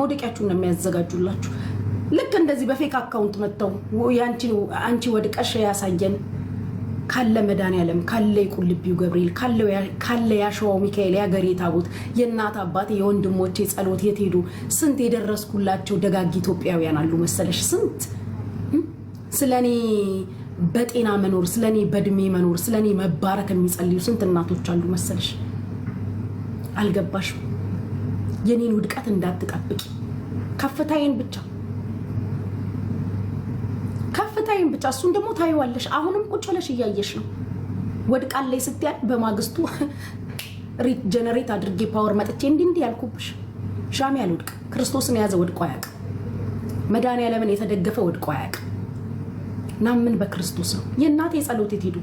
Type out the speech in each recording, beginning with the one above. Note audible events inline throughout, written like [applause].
መውደቂያችሁን ነው የሚያዘጋጁላችሁ። ልክ እንደዚህ በፌክ አካውንት መጥተው አንቺ ወድቀሽ ያሳየን ካለ መድኃኒዓለም ካለ የቁልቢው ገብርኤል ካለ ያሸዋው ሚካኤል የአገሬ ታቦት የእናት አባት የወንድሞቼ ጸሎት የት ሄዱ? ስንት የደረስኩላቸው ደጋግ ኢትዮጵያውያን አሉ መሰለሽ። ስንት ስለ እኔ በጤና መኖር ስለ እኔ በእድሜ መኖር ስለ እኔ መባረክ የሚጸልዩ ስንት እናቶች አሉ መሰለሽ። አልገባሽም? የኔን ውድቀት እንዳትጠብቂ። ከፍታዬን ብቻ ከፍታዬን ብቻ እሱን ደግሞ ታይዋለሽ። አሁንም ቁጭ ብለሽ እያየሽ ነው። ላይ ስትያል በማግስቱ [laughs] ሪጀነሬት አድርጌ ፓወር መጥቼ እንዲህ እንዲህ ያልኩብሽ ሻሚ ያልወድቅ ክርስቶስን የያዘ ወድቆ አያውቅም። መድኃኒዓለምን የተደገፈ ወድቆ አያውቅም። ናምን በክርስቶስ ነው። የእናቴ የጸሎት የት ሄዱ?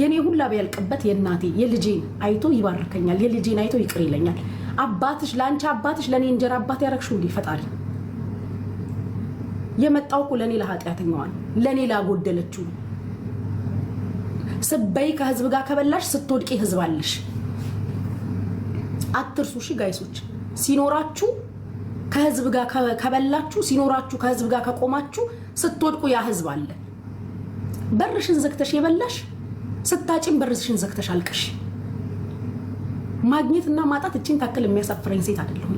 የእኔ ሁላ ቢያልቅበት የእናቴ የልጄን አይቶ ይባርከኛል። የልጄን አይቶ ይቅር ይለኛል። አባትሽ ለአንቺ አባትሽ ለእኔ እንጀራ አባት ያረግሽው እንዴ? ፈጣሪ የመጣው እኮ ለእኔ ለኃጢአተኛዋ ለእኔ ላጎደለችው ስበይ ከህዝብ ጋር ከበላሽ ስትወድቂ ህዝብ አለሽ። አትርሱ። እሺ ጋይሶች ሲኖራችሁ ከህዝብ ጋር ከበላችሁ ሲኖራችሁ ከህዝብ ጋር ከቆማችሁ ስትወድቁ ያ ህዝብ አለ። በርሽን ዘግተሽ የበላሽ ስታጭም በርሽን ዘግተሽ አልቀሽ ማግኘት እና ማጣት እችን ታክል የሚያሳፍረኝ ሴት አይደለሁም።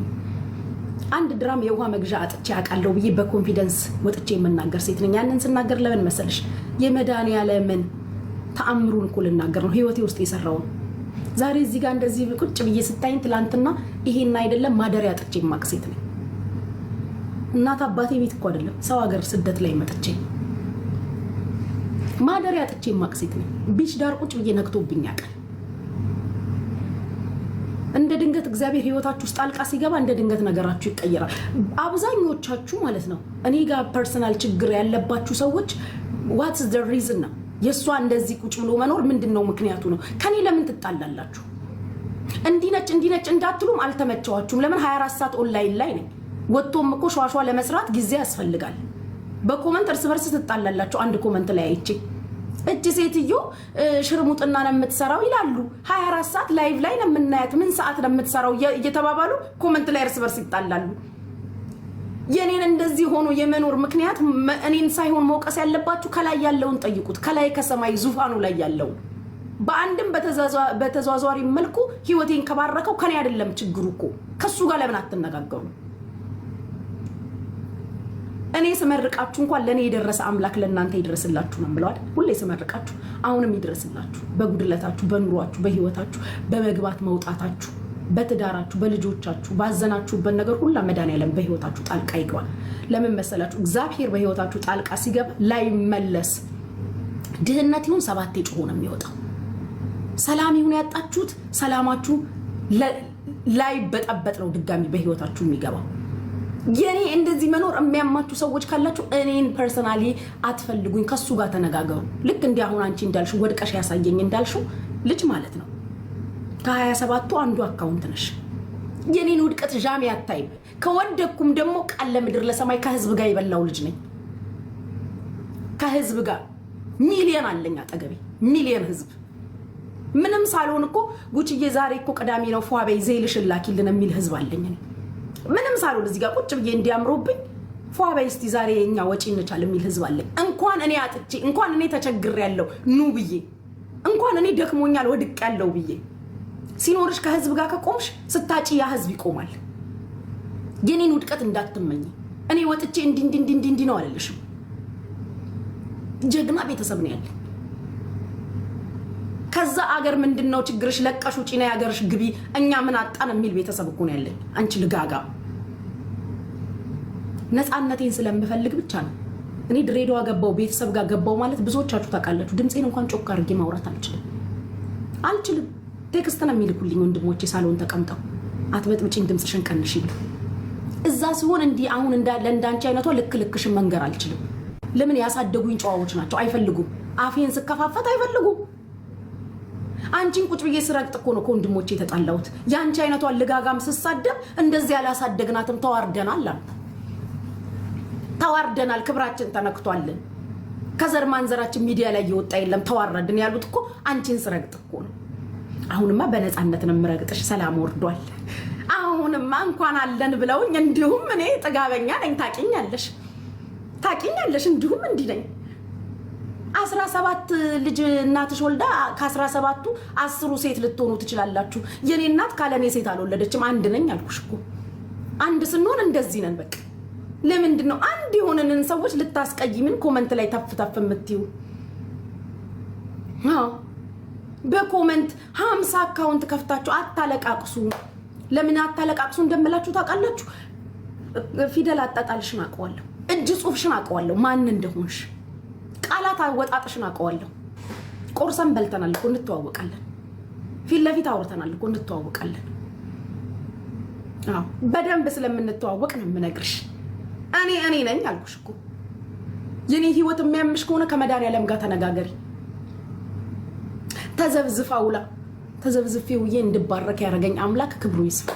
አንድ ድራም የውሃ መግዣ አጥቼ አውቃለሁ ብዬ በኮንፊደንስ ወጥቼ የምናገር ሴት ነኝ። ያንን ስናገር ለምን መሰልሽ የመድኃኒዓለምን ተአምሩን እኮ ልናገር ነው ህይወቴ ውስጥ የሰራውን ዛሬ እዚህ ጋር እንደዚህ ቁጭ ብዬ ስታይኝ ትላንትና ይሄን አይደለም ማደሪያ አጥቼ የማቅ ሴት ነኝ። እናት አባቴ ቤት እኮ አይደለም ሰው ሀገር ስደት ላይ መጥቼ ማደሪያ አጥቼ የማቅ ሴት ነኝ። ቢች ዳር ቁጭ ብዬ ነግቶብኝ ያውቃል። እንደ ድንገት እግዚአብሔር ህይወታችሁ ውስጥ ጣልቃ ሲገባ እንደ ድንገት ነገራችሁ ይቀየራል። አብዛኞቻችሁ ማለት ነው እኔ ጋር ፐርሰናል ችግር ያለባችሁ ሰዎች ዋትስ ዘ ሪዝን ነው የእሷ እንደዚህ ቁጭ ብሎ መኖር ምንድን ነው ምክንያቱ ነው? ከኔ ለምን ትጣላላችሁ? እንዲነጭ እንዲነጭ እንዳትሉም አልተመቸዋችሁም። ለምን 24 ሰዓት ኦንላይን ላይ ነኝ። ወጥቶም እኮ ሸዋሸዋ ለመስራት ጊዜ ያስፈልጋል። በኮመንት እርስ በርስ ትጣላላችሁ። አንድ ኮመንት ላይ አይቼ እጅ ሴትዮ ሽርሙጥና ነው የምትሰራው ይላሉ። 24 ሰዓት ላይቭ ላይ ነው የምናያት። ምን ሰዓት ነው የምትሰራው እየተባባሉ ኮመንት ላይ እርስ በርስ ይጣላሉ። የኔን እንደዚህ ሆኖ የመኖር ምክንያት እኔን ሳይሆን መውቀስ ያለባችሁ ከላይ ያለውን ጠይቁት። ከላይ ከሰማይ ዙፋኑ ላይ ያለውን በአንድም በተዘዋዋሪ መልኩ ህይወቴን ከባረከው ከኔ አይደለም ችግሩ እኮ ከሱ ጋር ለምን አትነጋገሩ? እኔ ስመርቃችሁ እንኳን ለእኔ የደረሰ አምላክ ለእናንተ ይድረስላችሁ ነው ብለዋል። ሁሌ ስመርቃችሁ አሁንም ይድረስላችሁ፣ በጉድለታችሁ፣ በኑሯችሁ፣ በህይወታችሁ፣ በመግባት መውጣታችሁ፣ በትዳራችሁ፣ በልጆቻችሁ፣ ባዘናችሁበት ነገር ሁላ መድኃኒዓለም በህይወታችሁ ጣልቃ ይገባል። ለምን መሰላችሁ? እግዚአብሔር በህይወታችሁ ጣልቃ ሲገባ ላይመለስ ድህነት ይሁን ሰባቴ ጮሆ ነው የሚወጣው። ሰላም ይሁን ያጣችሁት ሰላማችሁ በጠበጥ ነው ድጋሚ በህይወታችሁ የሚገባው። የኔ እንደዚህ መኖር የሚያማችሁ ሰዎች ካላችሁ እኔን ፐርሰናሊ አትፈልጉኝ፣ ከሱ ጋር ተነጋገሩ። ልክ እንዲህ አሁን አንቺ እንዳልሽው ወድቀሽ ያሳየኝ እንዳልሽው ልጅ ማለት ነው። ከሀያ ሰባቱ አንዱ አካውንት ነሽ። የኔን ውድቀት ዣሜ አታይም። ከወደኩም ደግሞ ቃል ለምድር ለሰማይ ከህዝብ ጋር የበላው ልጅ ነኝ። ከህዝብ ጋር ሚሊየን አለኝ አጠገቤ ሚሊየን ህዝብ ምንም ሳልሆን እኮ ጉቺዬ ዛሬ እኮ ቅዳሜ ነው ፏበይ ዜልሽን ላኪልን የሚል ህዝብ አለኝ። ምንም ሳልሆን እዚህ ጋር ቁጭ ብዬ እንዲያምሮብኝ ፏ በይ እስቲ ዛሬ የኛ ወጪ እንቻል የሚል ህዝብ አለኝ። እንኳን እኔ አጥቼ እንኳን እኔ ተቸግር ያለው ኑ ብዬ እንኳን እኔ ደክሞኛል ወድቅ ያለው ብዬ ሲኖርሽ ከህዝብ ጋር ከቆምሽ ስታጭ ያ ህዝብ ይቆማል። የኔን ውድቀት እንዳትመኝ። እኔ ወጥቼ እንዲ እንዲ እንዲ እንዲ ነው አለልሽም። ጀግና ቤተሰብ ነው ያለ። ከዛ አገር ምንድን ነው ችግርሽ? ለቀሽ ውጪ የአገርሽ ግቢ፣ እኛ ምን አጣን የሚል ቤተሰብ እኮ ነው ያለኝ። አንቺ ልጋጋ ነፃነቴን ስለምፈልግ ብቻ ነው። እኔ ድሬዳዋ ገባው ቤተሰብ ጋር ገባው ማለት ብዙዎቻችሁ ታውቃላችሁ። ድምፄን እንኳን ጮክ አድርጌ ማውራት አልችልም አልችልም። ቴክስት ነው የሚልኩልኝ ወንድሞቼ ሳሎን ተቀምጠው አትበጥብጭኝ፣ ድምፅሽን ቀንሽ እዛ ሲሆን እንዲህ አሁን እንዳንቺ አይነቷ ልክ ልክሽን መንገር አልችልም። ለምን ያሳደጉኝ ጨዋዎች ናቸው። አይፈልጉም። አፌን ስከፋፈት አይፈልጉም። አንቺን ቁጭ ብዬ ስረግጥ እኮ ነው ከወንድሞቼ የተጣላሁት። የአንቺ አይነቷን ልጋጋም ስሳደብ እንደዚህ ያላሳደግናትም ተዋርደናል አሉ። ተዋርደናል፣ ክብራችን ተነክቷልን። ከዘር ማንዘራችን ሚዲያ ላይ እየወጣ የለም ተዋረድን ያሉት እኮ አንቺን ስረግጥ እኮ ነው። አሁንማ በነፃነት ነው የምረግጥሽ፣ ሰላም ወርዷል። አሁንማ እንኳን አለን ብለውኝ፣ እንዲሁም እኔ ጥጋበኛ ነኝ፣ ታቂኛለሽ፣ ታቂኛለሽ። እንዲሁም እንዲህ ነኝ። አስራ ሰባት ልጅ እናትሽ ወልዳ ከአስራ ሰባቱ አስሩ ሴት ልትሆኑ ትችላላችሁ። የኔ እናት ካለኔ ሴት አልወለደችም። አንድ ነኝ አልኩሽ እኮ አንድ ስንሆን እንደዚህ ነን በቃ ለምንድን ነው አንድ የሆነንን ሰዎች ልታስቀይምን ኮመንት ላይ ተፍ ተፍ የምትዩ? በኮመንት ሀምሳ አካውንት ከፍታችሁ አታለቃቅሱ። ለምን አታለቃቅሱ እንደምላችሁ ታውቃላችሁ። ፊደል አጣጣልሽን አውቀዋለሁ፣ እጅ ጽሑፍሽን አውቀዋለሁ፣ ማን እንደሆንሽ ቃላት አወጣጥሽን አውቀዋለሁ። ቆርሰን በልተናል እኮ እንተዋወቃለን። ፊት ለፊት አውርተናል እኮ እንተዋወቃለን። በደንብ ስለምንተዋወቅ ነው የምነግርሽ። እኔ እኔ ነኝ አልኩሽ እኮ የኔ ህይወት የሚያምሽ ከሆነ ከመድኃኒዓለም ጋር ተነጋገሪ። ተዘብዝፋ ውላ ተዘብዝፌ ውዬ እንድባረክ ያደረገኝ አምላክ ክብሩ ይስፋ።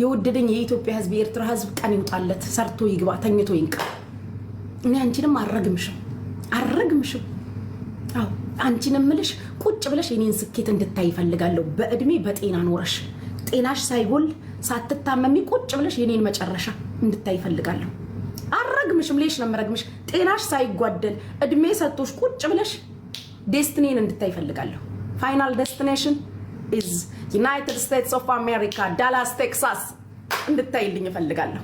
የወደደኝ የኢትዮጵያ ህዝብ፣ የኤርትራ ህዝብ ቀን ይውጣለት፣ ሰርቶ ይግባ፣ ተኝቶ ይንቃ። እኔ አንቺንም አረግምሽም አረግምሽም። አዎ አንቺንም ምልሽ ቁጭ ብለሽ የኔን ስኬት እንድታይ ይፈልጋለሁ። በእድሜ በጤና ኖረሽ ጤናሽ ሳይጎል ሳትታመሚ ቁጭ ብለሽ የኔን መጨረሻ እንድታይ ይፈልጋለሁ። አረግምሽም ሌሽ ነው የምረግምሽ። ጤናሽ ሳይጓደል እድሜ ሰጥቶሽ ቁጭ ብለሽ ዴስቲኒን እንድታይ ይፈልጋለሁ። ፋይናል ዴስቲኔሽን ኢዝ ዩናይትድ ስቴትስ ኦፍ አሜሪካ ዳላስ ቴክሳስ እንድታይልኝ ይፈልጋለሁ።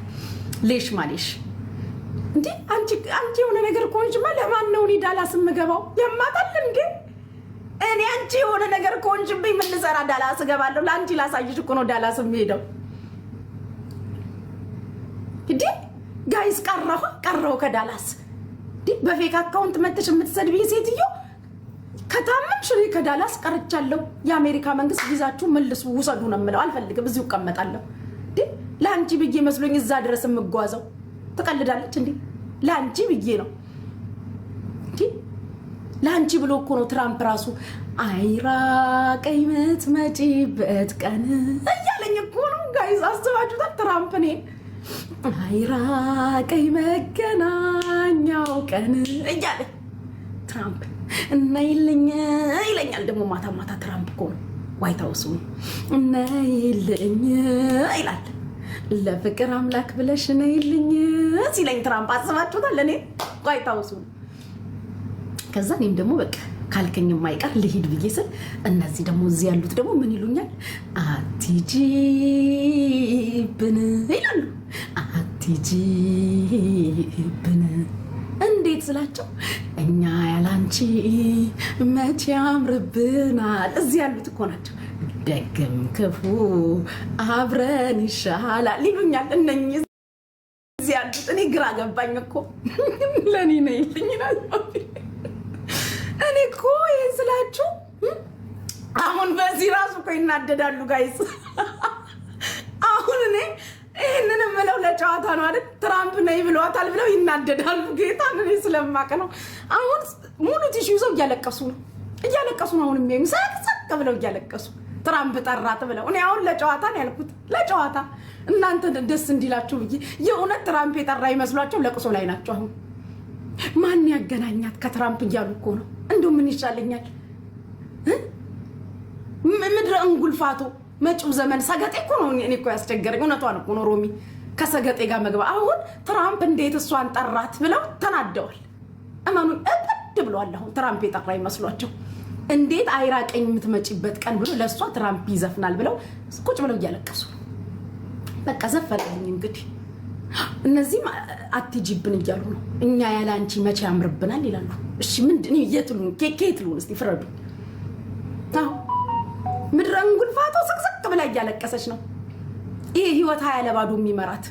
ሌሽ ማሌሽ እንዲ አንቺ የሆነ ነገር ከሆንሽማ ለማን ነው እኔ ዳላስ የምገባው? የማታል ግን እኔ አንቺ የሆነ ነገር ከሆንሽብኝ ምን ልሰራ ዳላስ እገባለሁ? ለአንቺ ላሳይሽ እኮ ነው ዳላስ የሚሄደው። እንዴ ጋይስ ቀረሁ ቀረሁ ከዳላስ በፌክ አካውንት መተሽ የምትሰድብኝ ሴትዮ ከታመምሽ እኔ ከዳላስ ቀርቻለሁ። የአሜሪካ መንግስት ቪዛችሁ መልሱ ውሰዱ ነው የምለው። አልፈልግም፣ እዚሁ እቀመጣለሁ። ለአንቺ ብዬ መስሎኝ እዛ ድረስ የምጓዘው ትቀልዳለች እንዴ? ለአንቺ ብዬ ነው ለአንቺ ብሎ እኮ ነው ትራምፕ ራሱ አይራቀኝ ምትመጪበት ቀን እያለኝ እኮ ነው ጋይዝ። አስባችሁታል ትራምፕ እኔ አይራቀኝ መገናኛው ቀን እያለ ትራምፕ እናይልኝ ይለኛል። ደግሞ ማታ ማታ ትራምፕ እኮ ነው ዋይት ሀውስ እናይልኝ ይላል። ለፍቅር አምላክ ብለሽ እናይልኝ ሲለኝ ትራምፕ አስባችሁታል? እኔ ዋይት ሀውስ ከዛ እኔም ደግሞ በቃ ካልከኝ የማይቀር ልሂድ ብዬ ስል እነዚህ ደግሞ እዚህ ያሉት ደግሞ ምን ይሉኛል? አትሂጂብን አትሂጂብን እንዴት ስላቸው እኛ ያላንቺ መቼ ያምርብናል። እዚህ ያሉት እኮ ናቸው። ደግም ክፉ አብረን ይሻላል ይሉኛል። እነኚህ እዚህ ያሉት እኔ ግራ ገባኝ እኮ ለእኔ ነው እኔ እኮ ይህን ስላችሁ አሁን በዚህ ራሱ እኮ ይናደዳሉ ጋይስ አሁን እኔ ይህንን ምለው ለጨዋታ ነው አይደል? ትራምፕ ነይ ብለዋታል ብለው ይናደዳሉ። ጌታ ነ ስለማቀ ነው። አሁን ሙሉ ቲሹ ይዘው እያለቀሱ ነው እያለቀሱ ነው። አሁን የሚያዩ ሰቅሰቅ ብለው እያለቀሱ ትራምፕ ጠራት ብለው። እኔ አሁን ለጨዋታ ነው ያልኩት፣ ለጨዋታ እናንተ ደስ እንዲላችሁ ብዬ። የእውነት ትራምፕ የጠራ ይመስሏቸው ለቅሶ ላይ ናቸው። አሁን ማን ያገናኛት ከትራምፕ እያሉ እኮ ነው። እንደው ምን ይሻለኛል ምድረ እንጉልፋቶ መጪው ዘመን ሰገጤ እኮ ነው። እኔ እኮ ያስቸገረኝ እውነቷን እኮ ነው ሮሚ ከሰገጤ ጋር መግባ። አሁን ትራምፕ እንዴት እሷን ጠራት ብለው ተናደዋል። እመኑን እብድ ብሏል። አሁን ትራምፕ የጠራ ይመስሏቸው እንዴት አይራቀኝ የምትመጪበት ቀን ብሎ ለእሷ ትራምፕ ይዘፍናል ብለው ቁጭ ብለው እያለቀሱ በቃ ዘፈለኝ እንግዲህ እነዚህም አትጂብን እያሉ ነው። እኛ ያለ አንቺ መቼ ያምርብናል ይላሉ። እሺ ምንድን የት ሉን ኬት ሉን እስኪ ፍረዱ። ምድረ እንጉልፋቶ ስቅስቅ ብላ እያለቀሰች ነው። ይሄ ህይወት ሀያ ለባዶ የሚመራት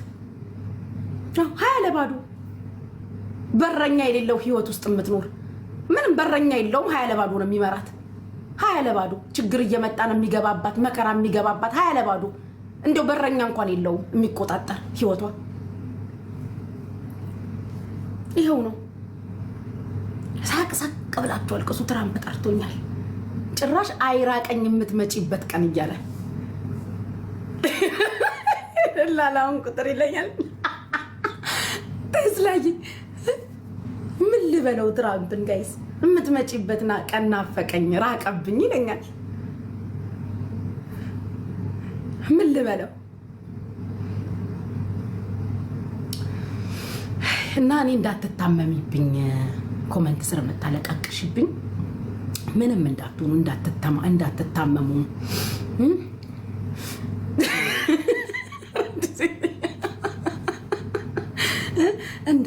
ሀያ ለባዶ በረኛ የሌለው ህይወት ውስጥ የምትኖር ምንም በረኛ የለውም። ሀያ ለባዶ ነው የሚመራት። ሀያ ለባዶ ችግር እየመጣ ነው የሚገባባት፣ መከራ የሚገባባት። ሀያ ለባዶ እንደው በረኛ እንኳን የለውም የሚቆጣጠር ህይወቷ። ይኸው ነው። ሳቅ ሳቅ ብላችሁ አልቅሱ። ትራምፕ ጠርቶኛል። ጭራሽ አይራቀኝ የምትመጪበት ቀን እያለ ላላውን ቁጥር ይለኛል። ተስላዬ ምን ልበለው? ትራምፕን ጋይስ የምትመጪበት ቀን ናፈቀኝ፣ ራቀብኝ ይለኛል። ምን ልበለው? እና እኔ እንዳትታመሚብኝ ኮመንት ስር የምታለቃቅሽብኝ ምንም እንዳትሆኑ እንዳትታመሙ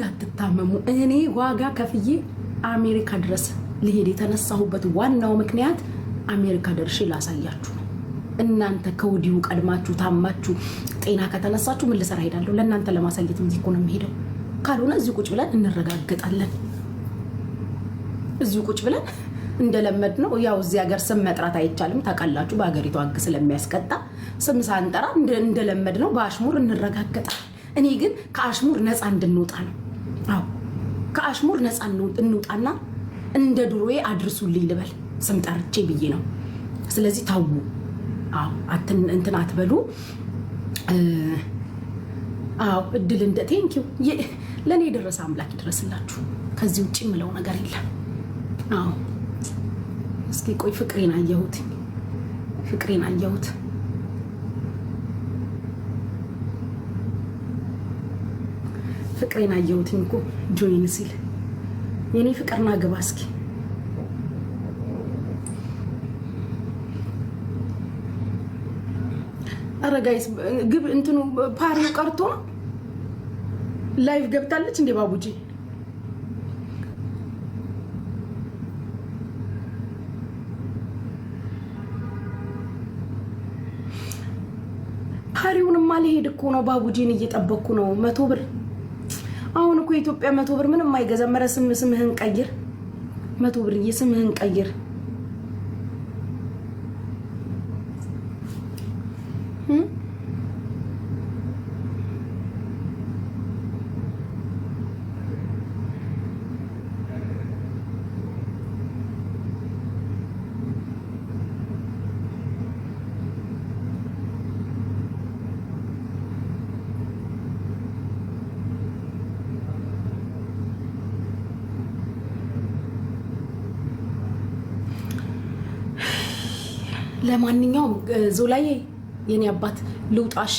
እንዳትታመሙ እኔ ዋጋ ከፍዬ አሜሪካ ድረስ ልሄድ የተነሳሁበት ዋናው ምክንያት አሜሪካ ደርሼ ላሳያችሁ ነው። እናንተ ከወዲሁ ቀድማችሁ ታማችሁ ጤና ከተነሳችሁ ምን ልሰራ ሄዳለሁ? ለእናንተ ለማሳየት እንጂ እኮ ነው የምሄደው። ካልሆነ እዚሁ ቁጭ ብለን እንረጋገጣለን። እዚሁ ቁጭ ብለን እንደለመድ ነው ያው እዚህ ሀገር ስም መጥራት አይቻልም። ታውቃላችሁ፣ በሀገሪቱ ሕግ ስለሚያስቀጣ ስም ሳንጠራ እንደለመድ ነው በአሽሙር እንረጋገጣል እኔ ግን ከአሽሙር ነፃ እንድንወጣ ነው። አዎ ከአሽሙር ነፃ እንውጣና እንደ ድሮዬ አድርሱልኝ ልበል ስም ጠርቼ ብዬ ነው። ስለዚህ ታው እንትን አትበሉ። አዎ እድል እንደ ቴንኪው ለእኔ የደረሰ አምላክ ይድረስላችሁ። ከዚህ ውጭ የምለው ነገር የለም። አዎ እስኪ ቆይ ፍቅሬን አየሁት፣ ፍቅሬን አየሁት። ፍቅሬን አየሁት እኮ ጆይን ሲል የኔ ፍቅርና ግባ እስኪ ጋይስ ግብ እንትኑ ፓሪው ቀርቶ ላይቭ ገብታለች እንዴ ባቡጄ ልሄድ እኮ ነው። ባቡጂን እየጠበቅኩ ነው። መቶ ብር አሁን እኮ የኢትዮጵያ መቶ ብር ምንም አይገዛም። ኧረ ስም ስምህን ቀይር። መቶ ብር እየስምህን ቀይር። ለማንኛውም ዞላዬ የኔ አባት ልውጣሺ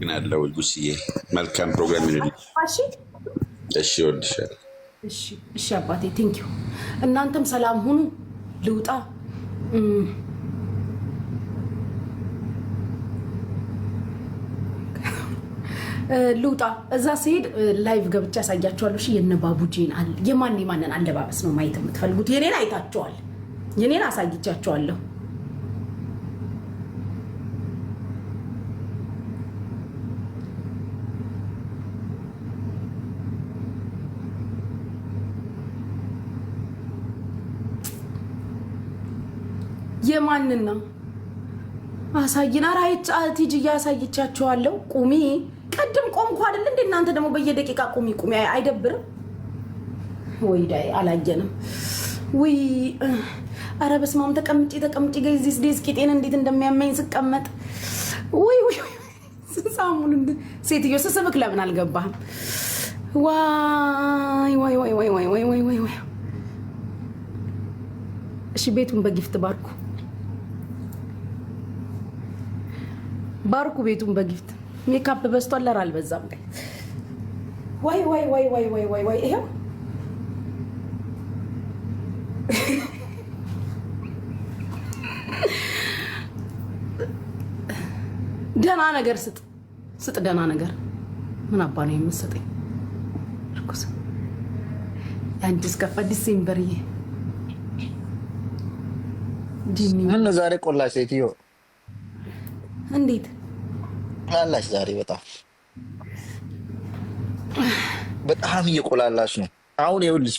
ግናለው ጉስዬ መልካም ፕሮግራም እሺ፣ ወድሻል። እሺ አባቴ ቴንኪው። እናንተም ሰላም ሁኑ። ልውጣ። ልውጣ። እዛ ስሄድ ላይቭ ገብቼ ያሳያችኋለሁ። እሺ የነባቡጄን የማን የማንን አለባበስ ነው ማየት የምትፈልጉት? የኔን አይታቸዋል። የኔን አሳይቻቸዋለሁ። የማንና አሳይና ራይት ኧረ ቲጂ እያሳይቻቸዋለሁ። ቁሚ ቀድም ቆምኩ አይደል እንደ እናንተ ደግሞ በየደቂቃ ቁሚ ቁሚ። አይደብርም ወይ? ዳይ አላየንም ውይ አረ በስመ አብ ተቀምጬ ተቀምጬ ዚስ ዴዝ ቂጤን እንዴት እንደሚያመኝ ስቀመጥ ወይ ወይ ስንሳሙን ሴትዮ ስስብክ ለምን አልገባህም? ዋይ ዋይ ዋይ ዋይ ዋይ ዋይ ዋይ ዋይ። እሺ ቤቱን በጊፍት ባርኩ ባርኩ ቤቱን በጊፍት ሜካፕ በዝቷል። አልበዛም? ዋይ ዋይ ዋይ ዋይ ዋይ ዋይ ይሄው ደህና ነገር ስጥ ስጥ፣ ደህና ነገር ምን አባ ነው የምትሰጠኝ? ርኩስ የአዲስ ከፋ ይ ምን ዛሬ ቆላሽ ሴትዮ እንዴት ቆላላሽ? ዛሬ በጣም በጣም እየቆላላሽ ነው። አሁን ይኸውልሽ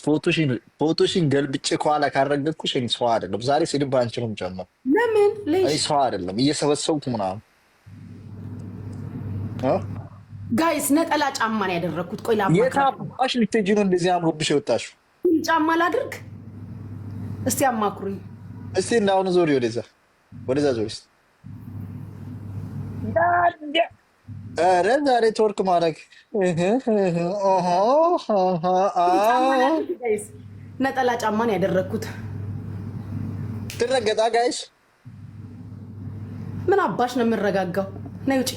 ፎቶሽን ገልብጬ ከኋላ ካረገኩሽ ሰው አይደለም። ዛሬ ስድብ በአንቺ ነው የምጨምረው። ለምን ሰው አይደለም እየሰበሰቡት ምናምን ጋይስ ነጠላ ጫማ ነው ያደረግኩት። ቆይ የታባሽ ልትሄጂ ነው እንደዚህ አምሮብሽ የወጣሽው? ጫማ ላድርግ እስቲ አማክሩኝ እስቲ። እና ዞሪ ወደዛ ወደዛ ዞሪ ስ ኧረ ዛሬ ትወርክ ማድረግ ነጠላ ጫማ ነው ያደረግኩት። ትረገጣ ጋይስ ምን አባሽ ነው የምረጋጋው? ነይ ውጪ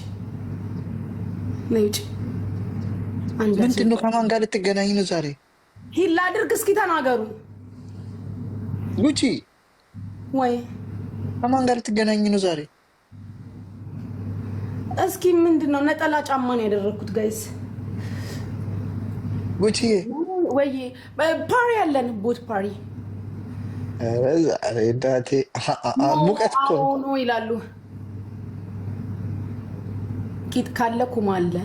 ነውጭ ምንድን ነው? ከማን ጋር ልትገናኝ ነው ዛሬ? ሂላ ላድርግ እስኪ ተናገሩ። ጉቺ ወይ ከማን ጋር ልትገናኝ ነው ዛሬ? እስኪ ምንድን ነው? ነጠላ ጫማን ያደረግኩት ጋይስ። ጉቺ ወይ ፓሪ ያለን ቦት ፓሪ ሙቀት ነው ይላሉ ቂጥ ካለ ኩማ አለ።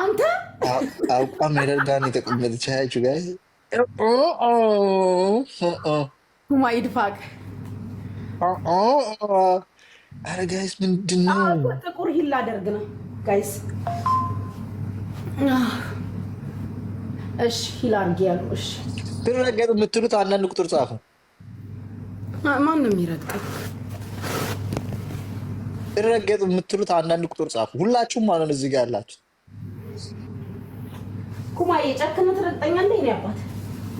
አንተ አውቋ ሜደር ጋር የተቀመጠች ያችሁ ጋይ ኩማ ይድፋቅ። አረ ጋይስ ምንድን ነው ጥቁር ሂል አደርግ ነው ጋይስ። እሺ ሂል አድርጊ ያሉ እሺ ብር ነገር የምትሉት አንዳንድ ቁጥር ጻፉ። ማን ነው የሚረግጠው? ይረገጥ የምትሉት አንዳንድ ቁጥር ጻፉ። ሁላችሁም ማለት ነው እዚህ ጋር ያላችሁ። ኩማዬ አባት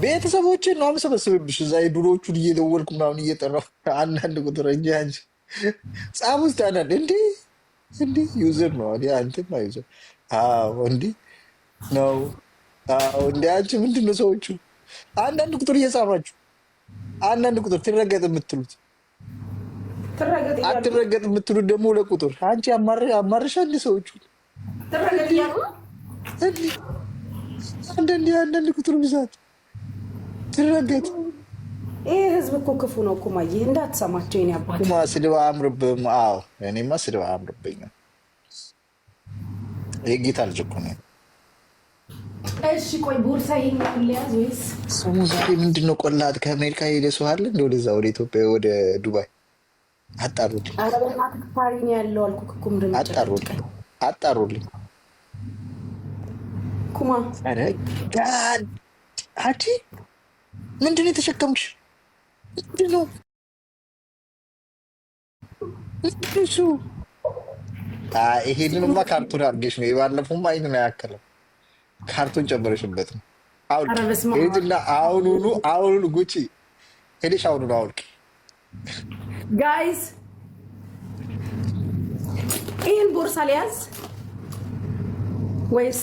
ቤተሰቦችን ነው የምሰበስብብሽ። እዛ የድሮቹን እየደወልኩ ምናምን እየጠራሁ አንዳንድ ቁጥር እንጂ አንቺ ጻፍ ውስጥ አንዳንድ ዩዘር ነው ዩዘር ነው አንቺ ምንድን ነው ሰዎቹ አንዳንድ ቁጥር እየጻፋችሁ አንዳንድ ቁጥር ትረገጥ የምትሉት አትረገጥ የምትሉት ደግሞ ለቁጥር ቁጥር አንቺ አማርሻል ሰዎቹ አንዳንድ አንዳንድ ቁጥር ብዛት ትረገጥ ይህ ህዝብ እኮ ክፉ ነው። ኩማዬ እንዳትሰማቸው ይኔ አባት ኩማ ስድብ አምርብም። አዎ እኔማ ስድብ አምርብኝ የጌታ ልጅ እኮ ነው። እሺ ቆይ ቦርሳ ይሄኛውን ልያዝ ወይስ ስሙ ምንድን ነው? ቆላት ከአሜሪካ ሄደ ሰው አለ እንደ ወደዛ ወደ ኢትዮጵያ ወደ ዱባይ አጣሩልኝ። ፓሪን ያለው አልኩ ክኩም ድ ነው? አጣሩልኝ አጣሩልኝ። ኩማ ጋድ ምንድን ነው የተሸከምሽ? ምንድን ነው እሱ? ይሄንንማ ካርቱን አድርጌሽ ነው የባለፈውም አይን ነው ካርቶን ጨመረሽበት ነው። ሄድና አሁኑኑ አሁኑኑ ጉቺ ሄደሽ አሁኑኑ አውልቂ። ጋይዝ ይህን ቦርሳ ሊያዝ ወይስ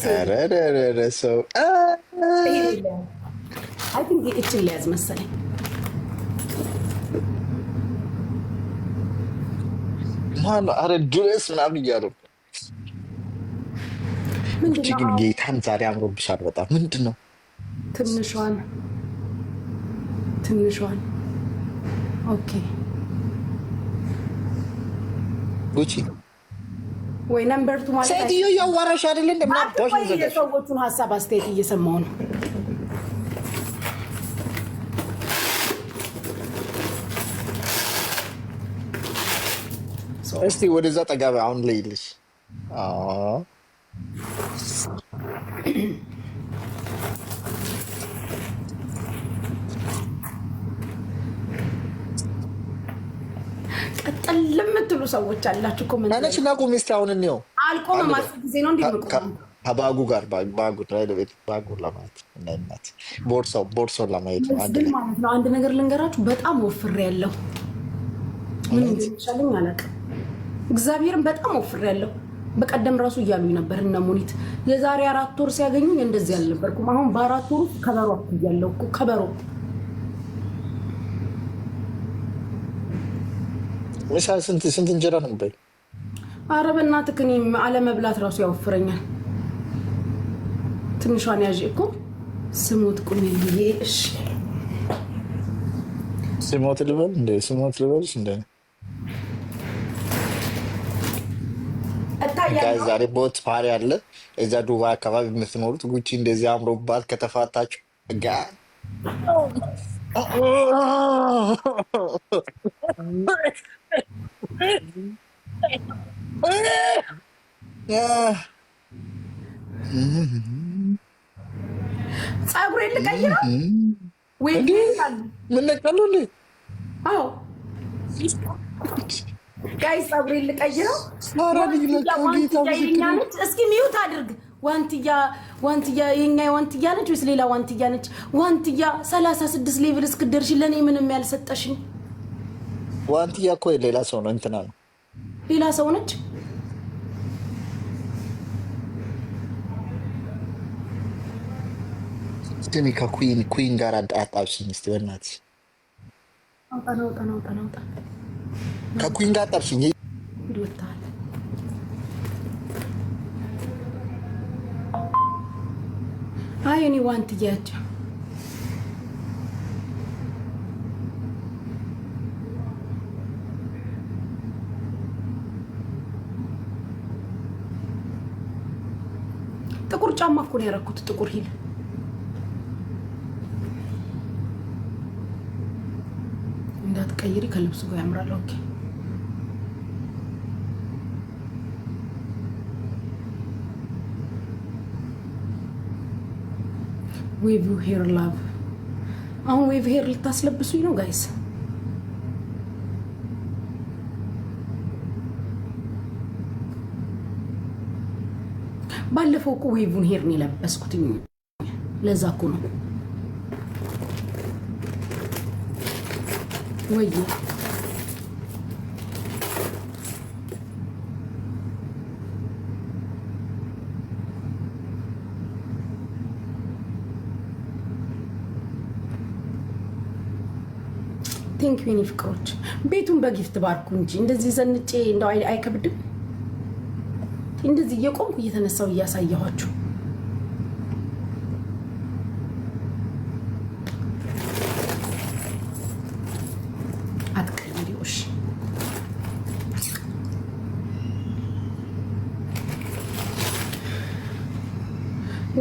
ሰው እችን ሊያዝ መሰለኝ። ማነው አረ ድረስ ምናምን እያሉ ነው ውጭ ግን ጌታን ዛሬ አምሮብሻል በጣም ምንድን ነው ትንሿን ትንሿን ኦኬ ጉቺ ወይ ነምበር ቱ ማለት ሴትዮ እያዋራሽ አይደለ? እንደምናባሽ የሰዎቹን ሀሳብ አስተያየት እየሰማው ነው። እስቲ ወደዛ ጠጋ በይ። አሁን ለይልሽ ቅጥል የምትሉ ሰዎች አላችሁ። ኮመንት ና ቁም ስ አሁን እኒው አልቆም አስር ጊዜ ነው እንዲህ ከባጉ ጋር ባጉ ቤት ባጉ ለማየት እናይናት ቦርሶ ቦርሶ ለማየት ማለት ነው። አንድ ነገር ልንገራችሁ፣ በጣም ወፍሬ ያለው ምን እንደሚሻለኝ አላውቅም። እግዚአብሔርን በጣም ወፍሬ ያለው በቀደም ራሱ እያሉኝ ነበር እነ ሙኒት የዛሬ አራት ወር ሲያገኙኝ እንደዚህ አልነበርኩም። አሁን በአራት ወሩ ከበሮ እያለሁ ከበሮ ስንት ስንት እንጀራ ነው የሚበል? ኧረ በእናትህ እኔም አለመብላት ራሱ ያወፍረኛል። ትንሿን ያዥ እኮ ስሞት ቁሜ ብዬ እሺ፣ ስሞት ልበል እንደ ስሞት ልበል እንደ ዛሬ ቦት ፓሪ አለ እዛ ዱባይ አካባቢ የምትኖሩት ጉቺ እንደዚህ አምሮባት ከተፋታችሁ ጋ ፀጉር ልቀይረው ምነቀሉ ጋይ ፀጉር ልቀይረው። እስኪ ሚዩት አድርግ። ዋንትያ ዋንትያ የኛ ዋንትያ ነች ወይስ ሌላ ዋንትያ ነች? ዋንትያ ሰላሳ ስድስት ሌቭል እስክደርሽ ለእኔ ምንም ያልሰጠሽኝ ዋንትያ እኮ ሌላ ሰው ነው፣ እንትና ነው፣ ሌላ ሰው ነች። ስሚ ከኩን ኩን ጋር አጣብሽኝ እስኪ በእናትሽ ከኩን ጋር አጣብሽኝ። አይ እኔ ዋንትያቸው ጫማ እኮ ነው ያደረኩት፣ ጥቁር ሂል እንዳትቀይሪ ከልብሱ ጋር ያምራል። ኦኬ ዌቭ ሄር ላቭ። አሁን ዌቭ ሄር ልታስለብሱኝ ነው ጋይስ? ባለፈው እኮ ዌቡን ሄር ነው የለበስኩት። ለዛ እኮ ነው ወይ ቴንክ ዩኒ ፍቅሮች ቤቱን በጊፍት ባርኩ እንጂ እንደዚህ ዘንጬ እንደው አይከብድም። እንደዚህ እየቆምኩ እየተነሳው እያሳየኋችሁ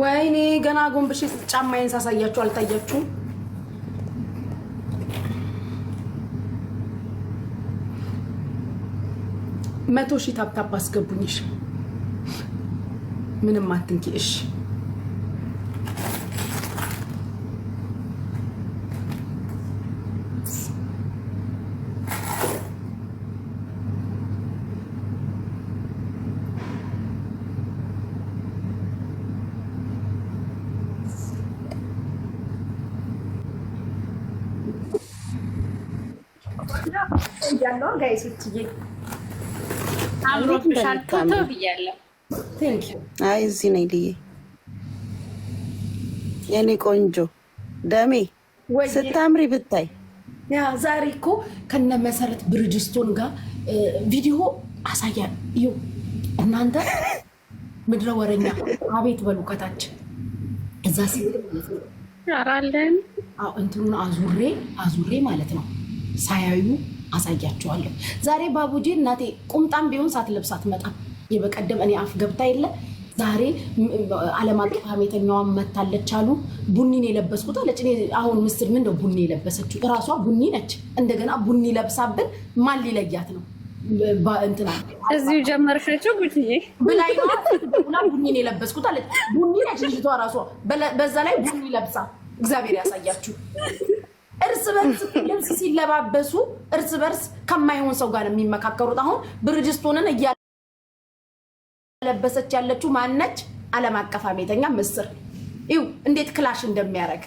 ወይኔ ገና ጎንብሼ ጫማዬን ሳሳያችሁ አልታያችሁም። መቶ ሺህ ታፕታፕ አስገቡኝሽ። ምንም አትንኪ። እሺ ያለውን ጋይሶችዬ አምሮብሻል ፎቶ ብያለሁ። አይ እዚህ ነኝ ልዬ የኔ ቆንጆ ደሜ ስታምሪ ብታይ። ያ ዛሬ እኮ ከነ መሰረት ብርጅስቶን ጋር ቪዲዮ አሳያ ዩ እናንተ ምድረ ወረኛ አቤት በሉ ከታች እዛ ሲራለን እንትኑን አዙሬ አዙሬ ማለት ነው ሳያዩ አሳያቸዋለሁ። ዛሬ ባቡጄ እናቴ ቁምጣም ቢሆን ሳትለብስ አትመጣም። የበቀደም እኔ አፍ ገብታ የለ ዛሬ ዓለም አቀፍ ሀሜተኛዋን መታለች አሉ። ቡኒን የለበስኩት አለች። አሁን ምስር ምን ነው ቡኒ የለበሰችው? እራሷ ቡኒ ነች። እንደገና ቡኒ ለብሳብን ማን ሊለያት ነው? እንትና እዚሁ ጀመርሻቸው ጉድዬ ብላይና ቡኒን የለበስኩት አለች። ቡኒ ነች ልጅቷ እራሷ። በዛ ላይ ቡኒ ለብሳ እግዚአብሔር ያሳያችሁ። እርስ በርስ ልብስ ሲለባበሱ እርስ በርስ ከማይሆን ሰው ጋር የሚመካከሩት አሁን ብርጅስቶንን እያ ለበሰች ያለችው ማነች? ዓለም አቀፍ አሜተኛ ምስር ይው እንዴት ክላሽ እንደሚያደርግ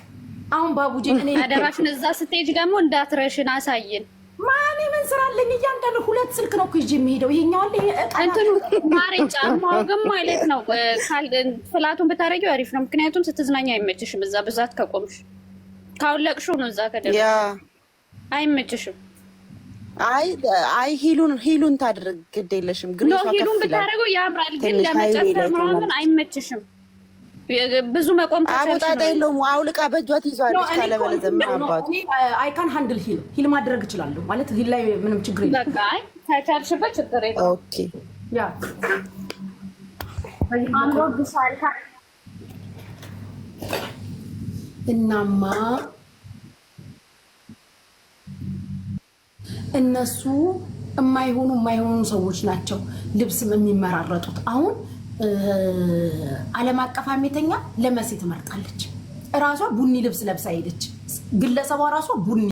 አሁን ባቡጂ እኔ አደራሽን እዛ ስቴጅ ደግሞ እንዳትረሽን አሳይን። ማን ምን ስራ አለኝ? እያንዳንዱ ሁለት ስልክ ነው እኮ የሚሄደው። ይሄኛው አለ እንትኑ ማሬ ጫማው ግን ማለት ነው ፍላቱን ብታረጊው አሪፍ ነው። ምክንያቱም ስትዝናኛ አይመችሽም። እዛ ብዛት ከቆምሽ ካውለቅሹ ነው እዛ ከደ አይመችሽም። አይ አይ ሂሉን ሂሉን ታድርግ ግድ የለሽም። ግን ሂሉን ብታደርገው ያምራል፣ ግን ለመጨፈር ምናምን አይመችሽም። ብዙ መቆም አቦጣጣ የለውም። አውልቃ በእጇት ይዟለች። ካለበለዚያማ አባቱ አይ ካን ሃንድል ሂል ሂል ማድረግ እችላለሁ ማለት ሂል ላይ ምንም ችግር የለም። በቃ ተቻልሽበት ችግር የለም። ኦኬ ያ እናማ እነሱ የማይሆኑ የማይሆኑ ሰዎች ናቸው ልብስም የሚመራረጡት። አሁን ዓለም አቀፍ አሜተኛ ለመሴት ትመርጣለች። እራሷ ቡኒ ልብስ ለብሳ ሄደች። ግለሰቧ ራሷ ቡኒ